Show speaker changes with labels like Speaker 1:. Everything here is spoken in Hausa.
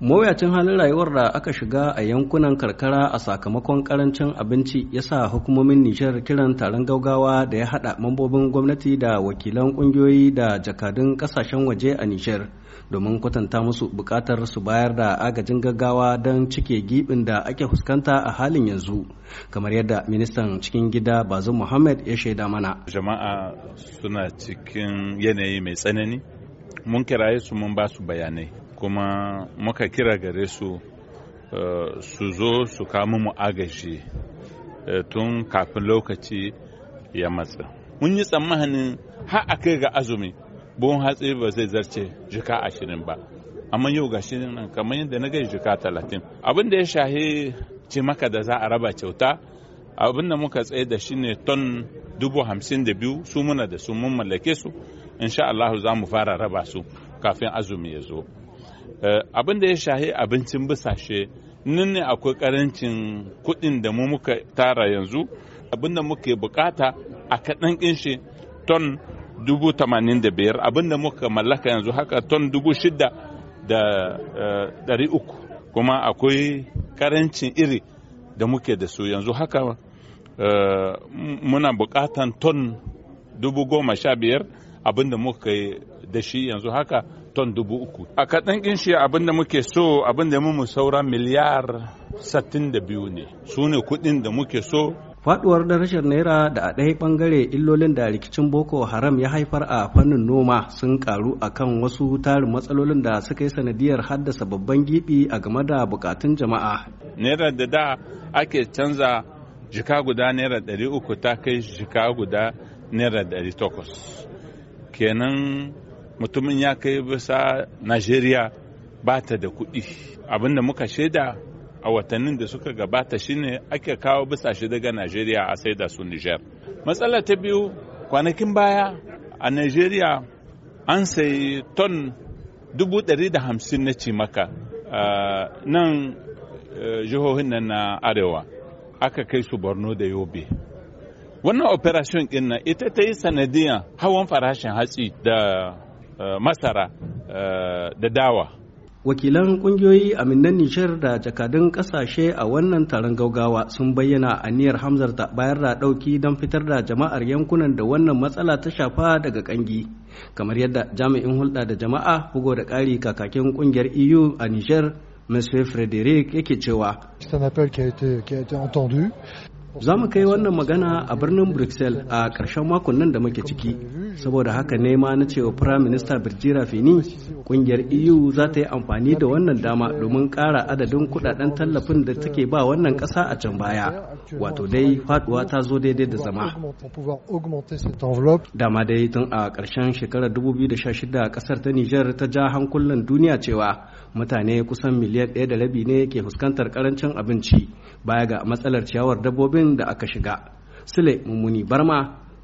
Speaker 1: mawuyacin halin rayuwar da aka shiga a yankunan karkara a sakamakon karancin abinci ya sa hukumomin nijar kiran taron gaugawa da ya hada mambobin gwamnati da wakilan kungiyoyi da jakadun kasashen waje a nijar domin kwatanta musu bukatar su bayar da agajin gaggawa don cike gibin da ake fuskanta a halin yanzu kamar yadda ministan cikin gida bazu muhammad ya shaida mana jama'a suna
Speaker 2: cikin yanayi mai tsanani mun kiraye su mun ba su bayanai kuma muka kira gare su eh, su zo su kama mu agaji eh, tun kafin lokaci ya matsa mun yi tsammanin har a kai ga azumi buhun hatsi ba zai zarce jika ashirin ba amma yau ga shirin nan kamar yadda na gaji jika talatin abin da ya shahi ce maka da za a raba kyauta abin da muka tsaye da shi ne ton dubu hamsin da biyu su muna da su mun mallake su insha Allah za mu fara raba su kafin azumi ya zo Eh, abin da ya shahi abincin bisashe nan ne akwai karancin kuɗin da mu muka tara yanzu abin da muke bukata a kaɗan ƙinshi ton dubu tamanin da biyar abin da muka mallaka yanzu haka ton dubu shida da eh, ɗari uku kuma akwai karancin iri da muke da su yanzu haka eh, muna bukatan ton dubu goma sha biyar abin da muka da shi yanzu haka ton dubu uku a kaɗan ƙinshi abin da muke so abin da mu saura miliyar biyu ne su ne kuɗin da muke
Speaker 1: so faduwar darashar naira da a ɗaya ɓangare illolin da rikicin boko haram ya haifar a fannin noma sun ƙaru a kan wasu tarin matsalolin da suka yi sanadiyar haddasa babban gibi a game da bukatun jama'a
Speaker 2: naira da da ake canza jika guda naira ɗari uku ta kai jika guda naira ɗari takwas kenan mutumin ya kai bisa najeriya ba ta da kuɗi abin da muka shaida a watannin da suka gabata shine ake kawo bisa shi daga najeriya a sai da su niger matsala ta biyu kwanakin baya a najeriya an sayi ton da hamsin na cimaka nan e, jihohin nan na arewa aka kai su borno da yobe wannan operation ɗin ita ta yi sanadiyan hawan farashin hatsi da Eh, masara eh, da dawa
Speaker 1: wakilan kungiyoyi aminan nishar da jakadun kasashe a wannan taron gaugawa sun bayyana aniyar hamzar ta bayar da dauki don fitar da jama'ar yankunan da wannan matsala ta shafa daga kangi kamar yadda jami'in hulɗa da jama'a bugo da ƙari kakakin kungiyar eu a nishar monsieur frederic yake cewa za mu kai wannan magana a birnin bruxelles a ƙarshen makon nan da muke ciki saboda haka ne ma na cewa prime minister birjira fini kungiyar eu za ta yi amfani da wannan dama domin kara adadin kudaden tallafin da take ba wannan ƙasa a can baya wato dai faduwa ta zo daidai da zama dama dai tun a ƙarshen shekarar 2016 ƙasar ta nijar ta ja hankulan duniya cewa mutane kusan miliyan ɗaya da rabi ne ke fuskantar karancin abinci baya ga matsalar ciyawar dabbobin da aka shiga sule mummuni barma